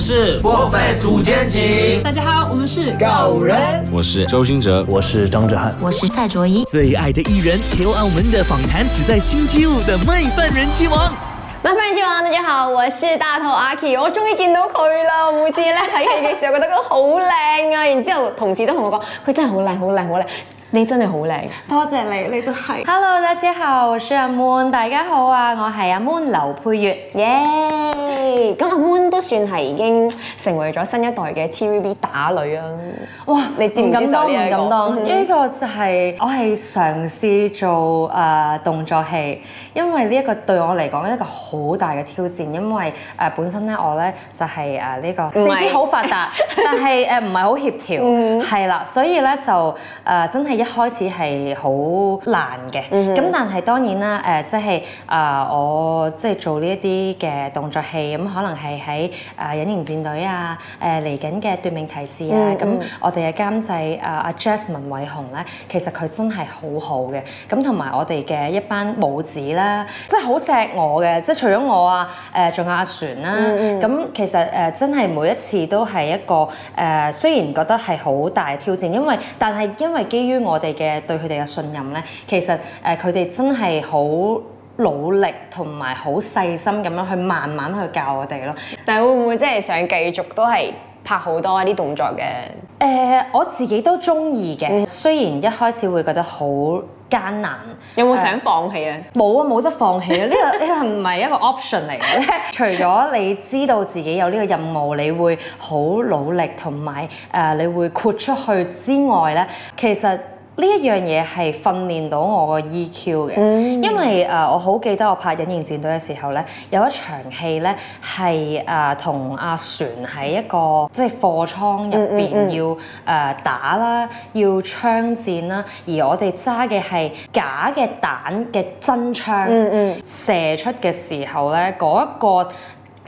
是我 face 大家好，我們是狗人，我是周星哲，我是張哲瀚，我是蔡卓宜。最愛的藝人，留澳門的訪談只在星期五的 MY FUN 人氣王，MY FUN 人氣王，大家好，我是大頭阿 k 我終於見到佢啦，每次極睇戲嘅時候覺得佢好靚啊，然之後同事都同我講，佢真係好靚，好靚，好靚，你真係好靚，多謝你，你都係。Hello，大家好，我係阿 Mon，大家好啊，我係阿 Mon 劉佩玥。耶、yeah。咁阿、嗯、moon 都算係已經成為咗新一代嘅 TVB 打女啊！哇，你接唔接手咁多？呢、嗯、個就係我係嘗試做誒、呃、動作戲，因為呢一個對我嚟講一個好大嘅挑戰，因為誒、呃、本身咧我咧就係誒呢個四肢好發達，是但係誒唔係好協調係啦，所以咧就誒、呃、真係一開始係好難嘅。咁但係當然啦，誒、呃就是呃、即係誒我即係做呢一啲嘅動作戲。咁。可能係喺誒隱形戰隊啊，誒嚟緊嘅奪命提示啊，咁、嗯嗯、我哋嘅監製誒阿、呃、Jasmine 偉雄咧，其實佢真係好好嘅，咁同埋我哋嘅一班母子啦、嗯，即係好錫我嘅，即係除咗我啊，誒、呃、仲有阿璇啦，咁、嗯嗯、其實誒、呃、真係每一次都係一個誒、呃，雖然覺得係好大挑戰，因為但係因為基於我哋嘅對佢哋嘅信任咧，其實誒佢哋真係好努力同埋好細心咁樣去慢慢去教我哋咯。但會唔會真係想繼續都係拍好多一啲動作嘅？誒，我自己都中意嘅。雖然一開始會覺得好艱難，有冇想放棄啊？冇啊，冇得放棄啊！呢個呢個唔係一個 option 嚟嘅。除咗你知道自己有呢個任務，你會好努力同埋誒，你會豁出去之外咧，其實。呢一樣嘢係訓練到我個 EQ 嘅，mm hmm. 因為誒我好記得我拍隱形戰隊嘅時候咧，有一場戲咧係誒同阿璇喺一個即係貨倉入邊要誒打啦、mm hmm.，要槍戰啦，而我哋揸嘅係假嘅彈嘅真槍，mm hmm. 射出嘅時候呢嗰一個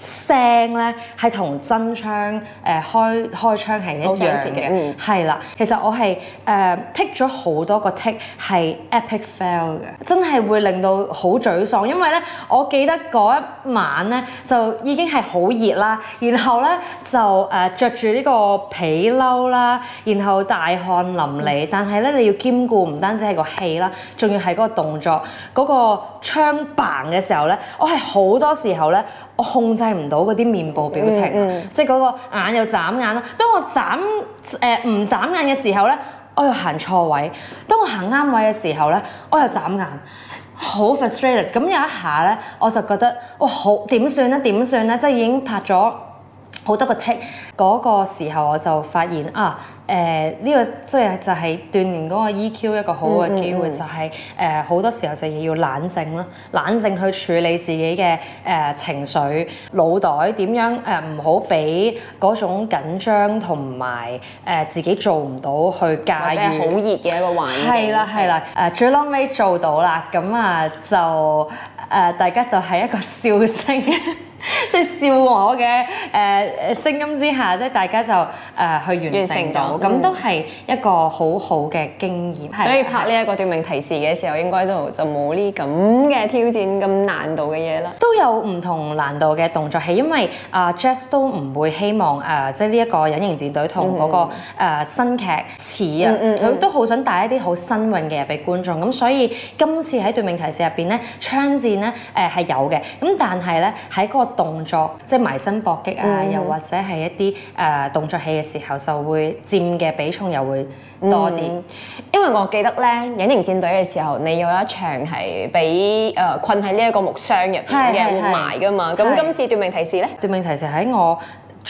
聲咧係同真槍誒、呃、開開槍係一樣嘅，係啦。其實我係誒 take 咗好多個 take，a e 係 epic fail 嘅，真係會令到好沮喪。因為咧，我記得嗰一晚咧就已經係好熱啦，然後咧就誒著住呢個皮褸啦，然後大汗淋漓。但係咧，你要兼顧唔單止係個氣啦，仲要係嗰個動作嗰、嗰個槍棒嘅時候咧，我係好多時候咧，我控制唔到嗰啲面部表情，mm hmm. 啊、即係嗰個眼又眨眼啦。當我眨誒唔、呃、眨眼嘅時候咧，我又行錯位；當我行啱位嘅時候咧，我又眨眼，好 frustrated。咁 有一下咧，我就覺得哇，好，點算咧？點算咧？即係已經拍咗。好多個 take 嗰、那個時候，我就發現啊，誒、呃、呢、這個即係就係鍛鍊嗰個 EQ 一個好嘅機會，嗯嗯就係誒好多時候就要冷靜咯，冷靜去處理自己嘅誒、呃、情緒、腦袋點樣誒，唔好俾嗰種緊張同埋誒自己做唔到去介意。好熱嘅一個環境。係啦係啦誒，最撈尾做到啦，咁啊、呃、就誒、呃、大家就係一個笑聲。 笑我嘅誒誒聲音之下，即係大家就誒去完成到，咁都係一個好好嘅經驗。所以拍呢一個《奪命提示》嘅時候，應該都就就冇呢咁嘅挑戰咁難度嘅嘢啦。都有唔同難度嘅動作，係因為啊 Jazz 都唔會希望誒，即係呢一個隱形戰隊同嗰個誒新劇似啊，佢都好想帶一啲好新穎嘅嘢俾觀眾。咁所以今次喺《奪命提示》入邊咧，槍戰咧誒係有嘅，咁但係咧喺嗰個動即係埋身搏擊啊，又或者係一啲誒、呃、動作戲嘅時候，就會佔嘅比重又會多啲。嗯、因為我記得咧，嗯《隱形戰隊》嘅時候，你有一場係俾誒困喺呢一個木箱入邊嘅會埋噶嘛。咁今次奪命提示咧？奪是命提示喺我。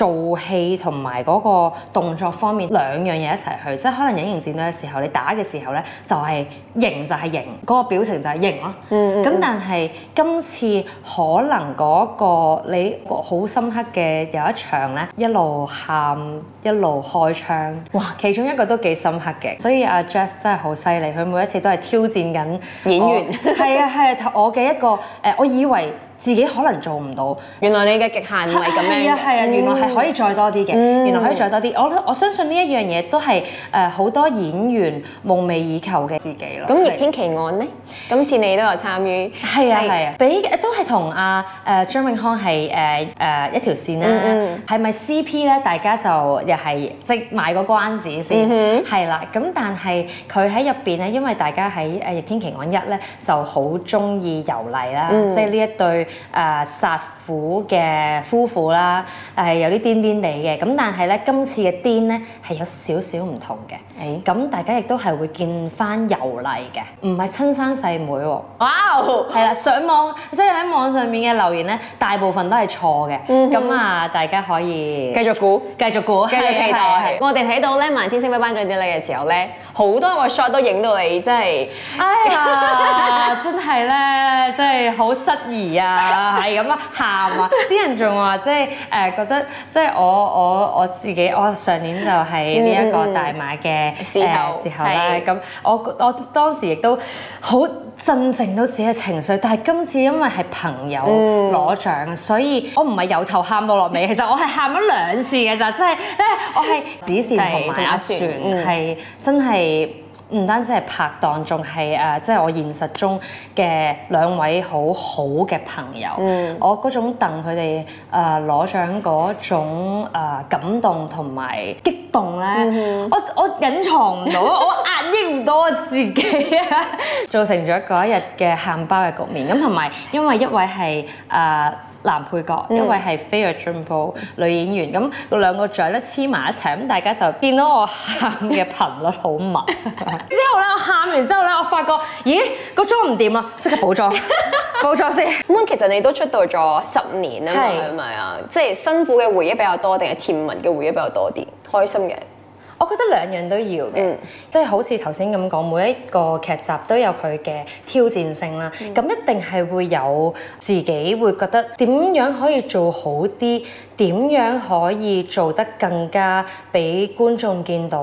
做戲同埋嗰個動作方面兩樣嘢一齊去，即係可能隱形戰隊嘅時候，你打嘅時候呢就係型就係型，嗰個表情就係型咯。嗯嗯。咁但係今次可能嗰個你好深刻嘅有一場呢，一路喊一路開槍。哇！其中一個都幾深刻嘅，所以阿 Jess 真係好犀利，佢每一次都係挑戰緊演員。係啊係啊，我嘅一個誒，我以為。自己可能做唔到，原來你嘅極限係咁樣。係啊係啊，原來係可以再多啲嘅，嗯、原來可以再多啲。我我相信呢一樣嘢都係誒好多演員夢寐以求嘅自己咯。咁、嗯《逆天奇案》咧，今次你都有參與。係啊係啊，啊，比都係同阿誒張永康係誒誒一條線啦、啊。嗯，嗯。係咪 CP 咧？大家就又係即賣個關子先。嗯哼。係啦，咁、啊、但係佢喺入邊咧，因為大家喺《誒逆天奇案一》咧就好中意游麗啦，即係呢一對。誒殺虎嘅夫婦啦，誒有啲癲癲地嘅，咁但係咧今次嘅癲咧係有少少唔同嘅，咁大家亦都係會見翻柔麗嘅，唔係親生細妹喎，哇！係啦，上網即係喺網上面嘅留言咧，大部分都係錯嘅，咁啊大家可以繼續估，繼續估，係，我哋睇到咧萬千星輝頒獎典禮嘅時候咧。好多個 shot 都影到你，真係，哎呀， 真係咧，真係好失儀啊，係咁 啊，喊啊！啲人仲話，即係誒覺得，即係我我我自己，我上年就喺呢一個大馬嘅、 嗯呃、時候咧，咁的我我當時亦都好。鎮靜到自己嘅情緒，但係今次因為係朋友攞獎，嗯、所以我唔係由頭喊到落尾， 其實我係喊咗兩次嘅咋，真係， 真係我係子善同埋阿船，係真係。唔單止係拍檔，仲係誒，即係我現實中嘅兩位好好嘅朋友。嗯、我嗰種戥佢哋誒攞獎嗰種、呃、感動同埋激動咧，嗯、哼我我隱藏唔到， 我壓抑唔到我自己， 造成咗嗰一日嘅喊包嘅局面。咁同埋因為一位係誒，呃男配角，一位係飛躍進步女演員，咁個兩個獎咧黐埋一齊，咁大家就見到我喊嘅頻率好密。 之後咧，我喊完之後咧，我發覺，咦，個妝唔掂啊，即刻補妝，冇錯 先。咁 其實你都出道咗十年啦，係咪啊？即係、就是、辛苦嘅回憶比較多，定係甜蜜嘅回憶比較多啲？開心嘅。我覺得兩樣都要嘅，即係好似頭先咁講，每一個劇集都有佢嘅挑戰性啦。咁一定係會有自己會覺得點樣可以做好啲，點樣可以做得更加俾觀眾見到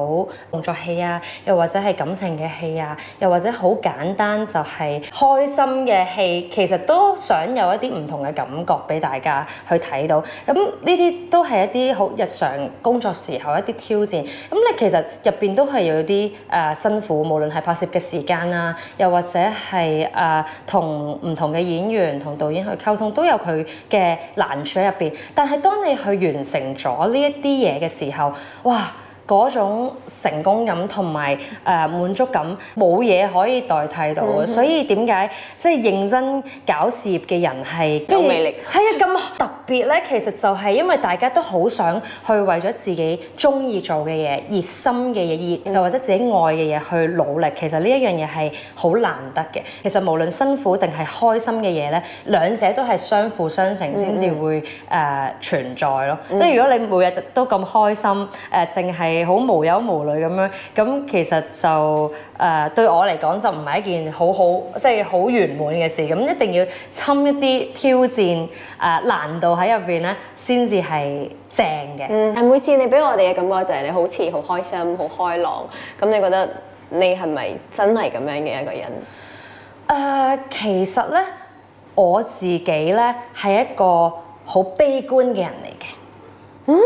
動作戲啊，又或者係感情嘅戲啊，又或者好簡單就係開心嘅戲，其實都想有一啲唔同嘅感覺俾大家去睇到。咁呢啲都係一啲好日常工作時候一啲挑戰。咁即係其實入邊都係有啲誒、呃、辛苦，無論係拍攝嘅時間啦，又或者係誒、呃、同唔同嘅演員同導演去溝通，都有佢嘅難處喺入邊。但係當你去完成咗呢一啲嘢嘅時候，哇！嗰種成功感同埋誒滿足感冇嘢可以代替到嘅，所以點解即係認真搞事業嘅人係夠魅力，係啊咁特別咧？其實就係因為大家都好想去為咗自己中意做嘅嘢、熱心嘅嘢、熱又或者自己愛嘅嘢去努力。其實呢一樣嘢係好難得嘅。其實無論辛苦定係開心嘅嘢咧，兩者都係相輔相成先至會誒存在咯。即係如果你每日都咁開心誒，淨係好無憂無慮咁樣，咁其實就誒對我嚟講就唔係一件好好即係好圓滿嘅事，咁一定要侵一啲挑戰誒難度喺入邊咧，先至係正嘅。嗯，係每次你俾我哋嘅感覺就係你好似好開心、好開朗，咁你覺得你係咪真係咁樣嘅一個人？誒，其實咧，我自己咧係一個好悲觀嘅人嚟嘅。嗯，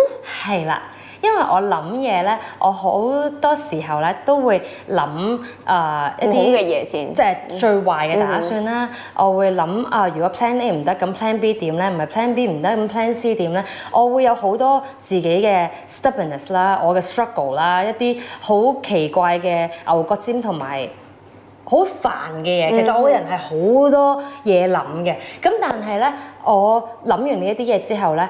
係啦。因為我諗嘢咧，我好多時候咧都會諗啊一啲嘅嘢先，即係最壞嘅打算啦。我會諗啊，如果 plan A 唔得，咁 plan B 點咧？唔係 plan B 唔得，咁 plan C 點咧？我會有好多自己嘅 stubbornness 啦，我嘅 struggle 啦，一啲好奇怪嘅牛角尖同埋好煩嘅嘢。其實我個人係好多嘢諗嘅，咁但係咧，我諗完呢一啲嘢之後咧。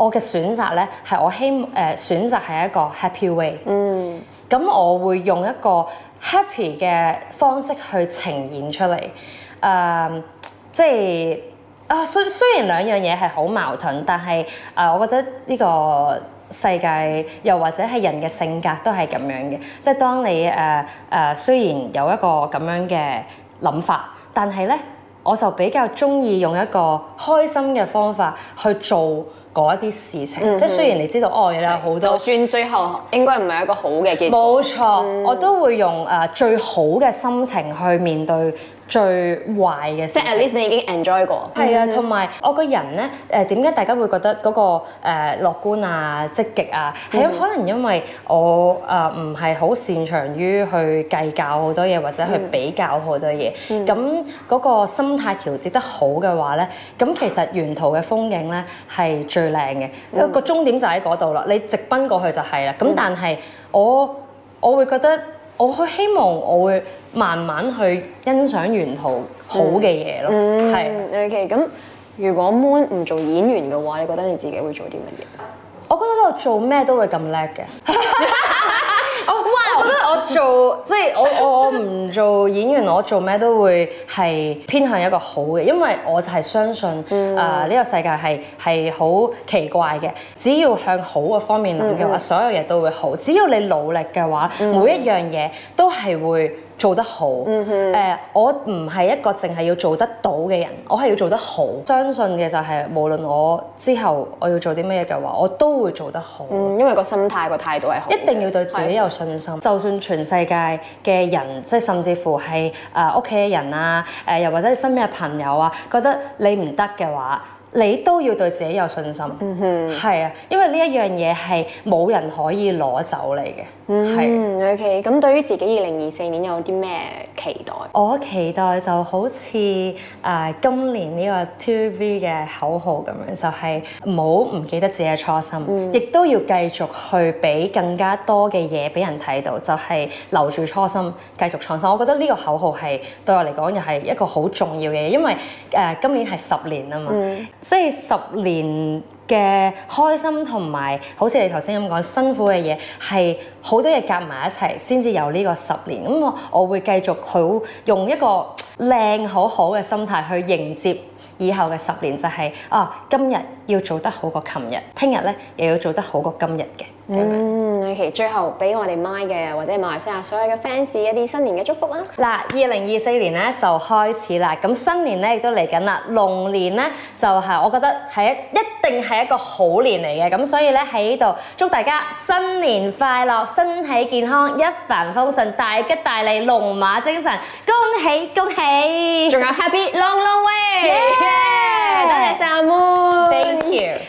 我嘅選擇呢，係我希望、呃、選擇係一個 happy way，嗯，咁我會用一個 happy 嘅方式去呈現出嚟，誒、呃，即係啊雖、雖然兩樣嘢係好矛盾，但係啊、呃，我覺得呢個世界又或者係人嘅性格都係咁樣嘅，即係當你誒誒、呃呃、雖然有一個咁樣嘅諗法，但係呢，我就比較鍾意用一個開心嘅方法去做。嗰一啲事情，嗯、哼即係雖然你知道愛，哦，有好多，就算最後應該唔係一個好嘅結局，冇錯，嗯、我都會用誒最好嘅心情去面對。最壞嘅即係 at least 你已經 enjoy 過，係啊，同埋、mm. 我個人呢，誒點解大家會覺得嗰個誒樂觀啊、積極啊，係因、啊、嗎可能因為我誒唔係好擅長於去計較好多嘢，或者去比較好多嘢。咁嗰、mm. 嗰個心態調節得好嘅話呢，咁其實沿途嘅風景呢係最靚嘅，mm. 個終點就喺嗰度啦。你直奔過去就係啦。咁但係我我會覺得。我會希望我會慢慢去欣賞沿途好嘅嘢咯，嗯，係。是的 OK，咁如果 Moon 唔做演員嘅話，你覺得你自己會做啲乜嘢？我覺得我做咩都會咁叻嘅。Oh, wow, 我哇！我覺得我做即係、即係、我我我唔做演員， 我做咩都會係偏向一個好嘅，因為我就係相信誒呢、 呃呢個世界係係好奇怪嘅，只要向好嘅方面諗嘅話， 所有嘢都會好。只要你努力嘅話，每一樣嘢都係會。做得好，誒、嗯哼，uh, 我唔係一個淨係要做得到嘅人，我係要做得好。相信嘅就係、是、無論我之後我要做啲咩嘢嘅話，我都會做得好。嗯，因為個心態個態度係好，一定要對自己有信心。的就算全世界嘅人，即係甚至乎係誒屋企嘅人啊，誒又或者你身邊嘅朋友啊，覺得你唔得嘅話，你都要對自己有信心。嗯哼，係啊，因為呢一樣嘢係冇人可以攞走你嘅。嗯、mm hmm，OK。咁對於自己二零二四年有啲咩期待？我期待就好似誒、呃、今年呢個 TVB 嘅口號咁樣，就係唔好唔記得自己嘅初心，mm hmm. 亦都要繼續去俾更加多嘅嘢俾人睇到，就係、是、留住初心，繼續創新。我覺得呢個口號係對我嚟講又係一個好重要嘅嘢，因為誒、呃、今年係十年啊嘛，即係十年。Mm hmm. 嘅開心同埋，好似你頭先咁講，辛苦嘅嘢係好多嘢夾埋一齊先至有呢個十年。咁、嗯、我我會繼續好用一個靚好好嘅心態去迎接以後嘅十年，就係、是、啊，今日要做得好過琴日，聽日咧又要做得好過今日嘅。嗯，李琪，最後俾我哋 My 嘅或者馬來西亞所有嘅 fans 一啲新年嘅祝福啦。嗱，二零二四年咧就開始啦。咁新年咧亦都嚟緊啦，龍年咧就係我覺得係一定係一個好年嚟嘅。咁所以咧喺呢度祝大家新年快樂，身體健康，一帆風順，大吉大利，龍馬精神，恭喜恭喜，仲有 Happy Long Long Way，多謝曬阿 moon，thank you。